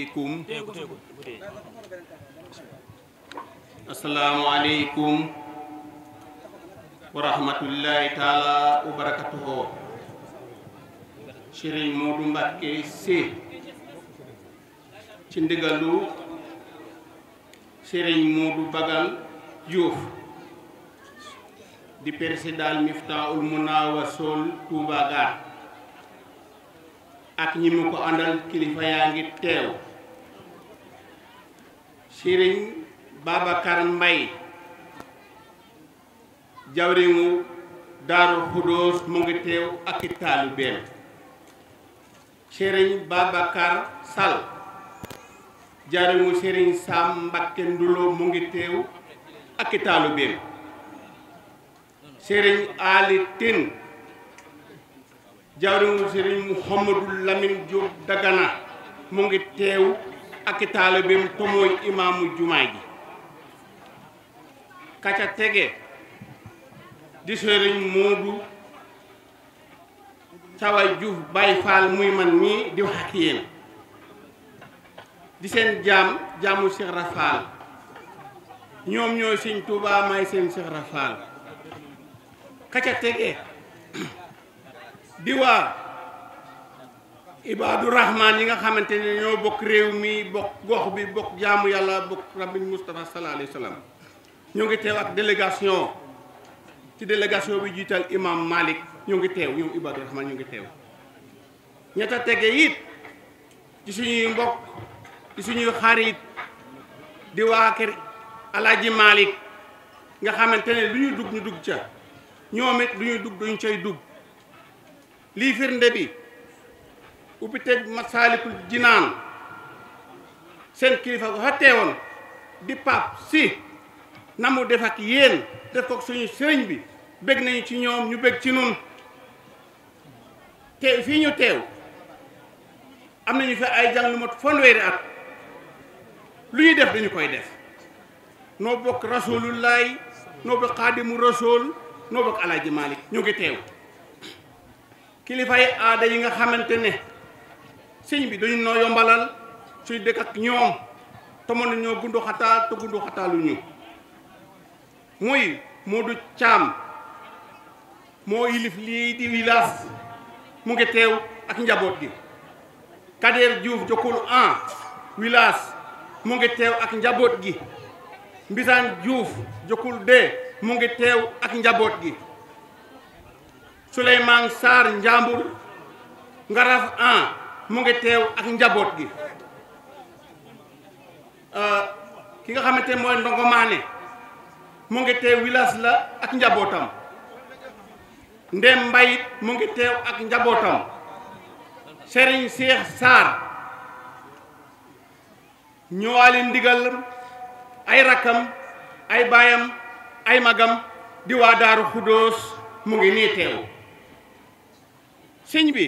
alaykum assalaamu alaykum wa rahmatullahi taala wa barakatuhu Serigne Modou Mbacké ci ndigalu Serigne Modou Bagal Diouf di président Miftahul Munawasol Touba Gare ak ñi mu ko àndal kilifa yaa ngi teew Sëriñ Babacar Mbay jawriñu Daaru Xudóos mu ngi teew ak i taalibeem Sëriñ Babacar Sall jawriñu Sëriñ Sam Mbakke Ndulo mu ngi teew ak i taalibeem Sëriñ Ali Tine jawriñu Sëriñ Mouhamadou Lamine Diop Dagana mu ngi teew ak taalibeem te mooy imaamu jumaa ji ka tege di sëriñ Moodu Sawa Juuf Faal muy man mii di wax ak yéen di seen jaam jaamu Seex Rafaal ñoom ñooy sëñ Tuubaa may seen Seex Rafaal ka tege di waa ibaadu rahmaan yi nga xamante ne ñoo bokk réew mi bokk gox bi bokk jaamu yàlla bokk rabbiñ Moustapha sallallahu alayhi wa sallam ñoo ngi teew ak délégation ci délégation bi jiital imam Malik ñoo ngi teew ñoom ibaadu rahmaan ñoo ngi teew ñetta tege it suñuy mbokk suñuy xarit di waa kër nga xamante ne lu ñu dugg ñu dugg ca ñoom it lu dugg duñ cay dugg lii firnde bi ubbi teg masaalikul jinaan seen kilifa ko xattee woon di Pape Sy na mu def ak yéen def ko suñu sëriñ bi bëgg nañu ci ñoom ñu bëgg ci nun te fii ñu teew am nañu fi ay jàng lu mot fanweeri at lu ñuy def dañu koy def noo bokk rasulullaay noo bokk mu rasul noo bokk alaaji Malik ñu ngi teew kilifa yi aada yi nga xamante ne sëñ bi dañu noo yombalal suy dëkk ak ñoom te mën te gundu xataaluñu muy Modou Thiam moo yilif lii di village mu ngi teew ak njaboot gi Kader Diouf jokkul an village mu ngi teew ak njaboot gi Mbisaan Diouf jokkul de mu ngi teew ak njaboot gi Souleymane Sarr Njambur Ngaraf an mu ngi teew ak njaboot gi euh, ki nga xamante mooy ndongo maane mu ngi teew village la ak njabootam ndem mbayit mu ngi teew ak njabootam Serigne Cheikh Sarr ñëwaale ndigal ay rakkam ay baayam ay magam di waa Daaru Xudóos mu ngi nii teew sëñ bi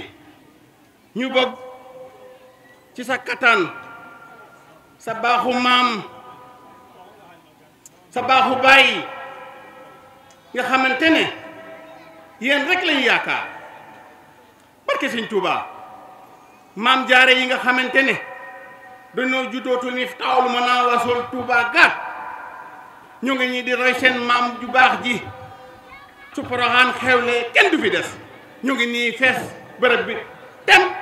ñu bëgg ci sa kattan sa baaxu maam sa baaxu baay nga xamante ne yéen rek lañu yaakaar barke Sëñ Tuubaa maam jaare yi nga xamante ne dañoo juddootu ni taawlu mën naa wasool Tuubaa gaat ñu ngi ñi di roy seen maam ju baax ji su Poroxaan xewle kenn du fi des ñu ngi nii fees bërëb bi dem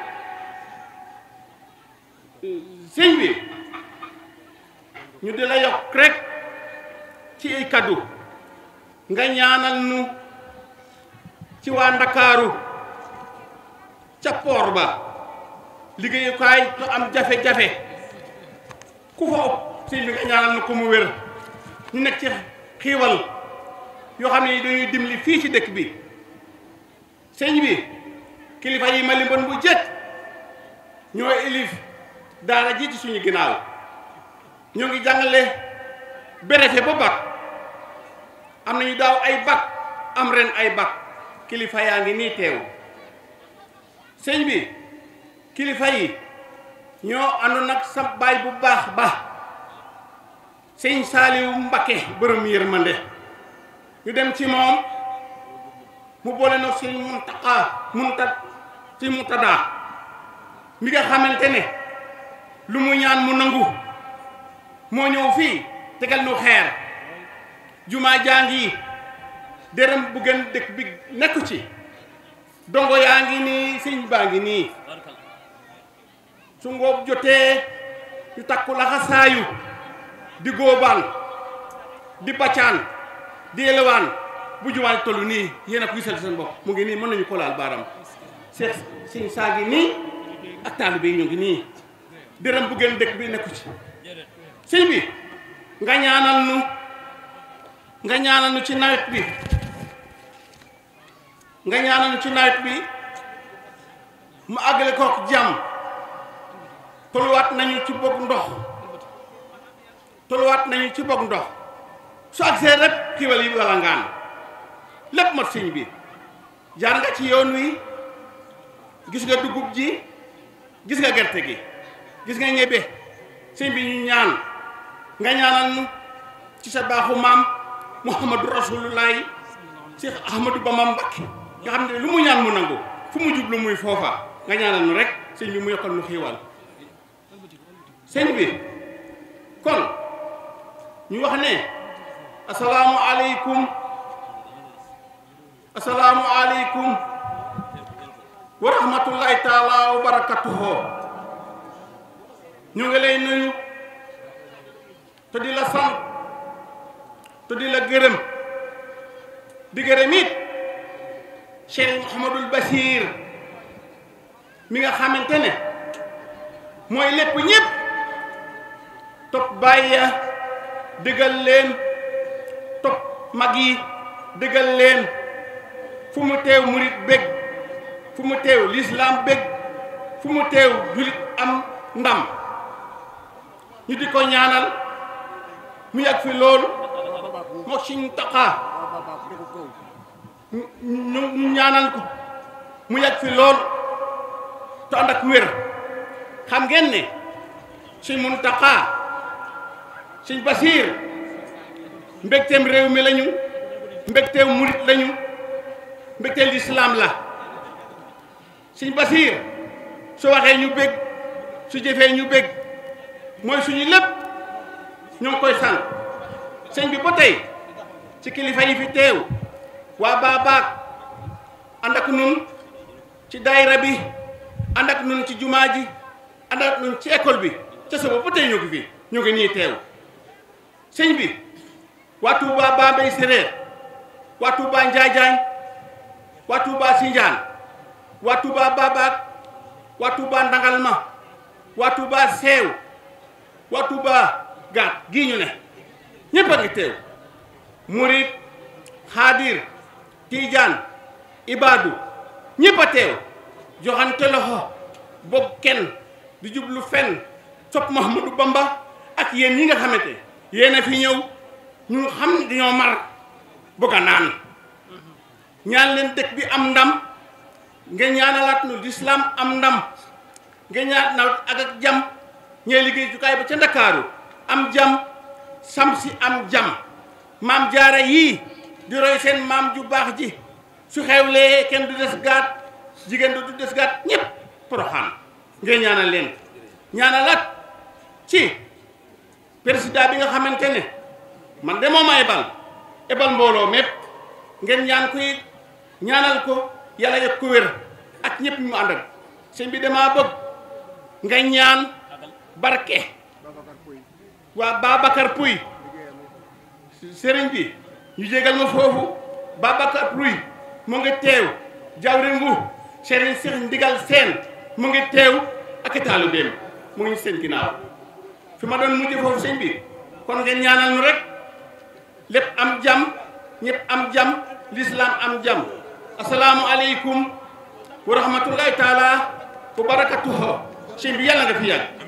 sëñ bi ñu di la yokk rek ci ay kaddu nga ñaanal nu ci waa ndakaaru ca poor ba liggéeyukaay lu am jafe-jafe ku fa ëpp sëñ bi nga ñaanal nu ko mu wér ñu nekk ci xiiwal yoo xam ne dañuy dimbali fii ci dëkk bi sëñ bi kilifa yi ma limboon bu jëkk ñoo ilif daala ji suñu ginnaaw ñoo ngi jàngale béréte ba bac am nañu daaw ay bac am ren ay bac kilifa yaa ngi nii teew sëñ bi kilifa yi ñoo àndoon nag sa baay bu baax ba sëñ Saaliwu Mbakke borom yërmande ñu dem ci moom mu boole nag sëñ Muntaqa munta ci Muntadaa mi nga xamante ne lu mu ñaan mu nangu moo ñëw fii tegal nu xeer jumaa jaa ngi dërëm bu gën dëkk bi nekku ci dongo yaa ngi nii sëñ baa ngi nii su ngoob jotee ñu takku laxasaayu di góobaan di baccaan di yelewaan bu jumaa tollu nii yéen a seen bopp mu ngi mën nañu ko laal baaram seet sëñ saa ngi nii ak taalibe yi ñu ngi nii dërëm bu gën dëkk bi nekku ci sëñ bi nga ñaanal nu nga ñaanal nu ci nawet bi nga ñaanal nu ci nawet bi mu àggale kook jàmm tolluwaat nañu ci bokk ndox tolluwaat nañu ci bokk ndox su agsee yi walla ngaan lépp mat sëñ bi jaar nga ci yoon wi gis nga dugub ji gis nga gerte gi gis nga ñebe sëñ bi ñu ñaan nga ñaanal ci sa baaxu maam Muhammadu Rasulullahi Cheikh Ahmadou Bamba Mbacké nga xam ne lu mu ñaan mu nangu fu mu jublu muy foofa nga ñaanal rek sëñ bi mu yokkal nu xiiwal sëñ bi kon ñu wax ne asalaamu aleykum asalaamu aleykum wa rahmatullahi taala ñu ngi lay nuyu te di la sant te la gërëm di gërëm it Cheikh Mouhamadul mi nga xamante ne mooy lépp ñëpp topp bàyyi ya dëggal leen topp mag yi dëggal leen fu mu teew murit bég fu mu teew lislaam bég fu mu teew julit am ndam ñu di ko ñaanal mu yàgg fi loolu mook siñ taqaa ñu ñaanal ko mu yàgg fi loolu te ànd ak xam ngeen ne suñ Muntaxaa suñ Basiir mbégteem réew mi lañu mbégteem murit lañu mbégteem lislaam la suñ Basiir su waxee ñu bég su jëfee ñu bég mooy suñu lépp ñoo koy sant sëñ bi ba tey ci kilifa yi fi teew waa baabaak ànd ak nun ci daayira bi ànd ak nun ci jumaa ji ànd ak nun ci école bi ca suba ba tey ñu ngi fi ñu ngi nii teew sëñ bi waa Touba Bambey Séréer waa Touba Njaajaañ waa Touba Sinjaan waa Touba Baabaak waa Touba Ndangalma waa Touba Seew watuba Touba gaat gii ñu ne ñëpp a teew murit xaadir tiijaan ibaadu ñépp a teew joxante loxo bopp di jublu fenn sopp Mouhamadou Bamba ak yéen yi nga xamante yéen a fi ñëw ñu xam ne dañoo mar bëgg a naan ñaan leen dëkk bi am ndam nga ñaanalaat nu am ndam nga ñaanalaat ak ak jàmm ñee liggéey jukaay bi ca ndakaaru am jam sam si am jam maam jaara yii di roy seen maam ju baax ji su xewlee kenn du des gaat jigéen du des gaat ñëpp poroxaan ngeen ñaanal leen ñaanalaat ci président bi nga xamante ne man de moom a ebal ebal mbooloo mépp ngeen ñaan ko ñaanal ko yàlla yëg ko wér ak ñëpp ñu mu àndal sëñ bi damaa bëgg nga ñaan barke waa Babacar Pouy sëriñ bi ñu jégal ma foofu Babacar Pouy mu ngi teew jawri ngu sëriñ Seex ndigal seen mu ngi teew ak taalu dem mu ngi seen ginnaaw fi ma doon mujj foofu sëñ bi kon ngeen ñaanal nu rek lépp am jàmm ñëpp am jàmm lislaam am jàmm asalaamu aleykum wa rahmatullahi taala wa barakatuhu sëñ bi yàlla nga fi yàgg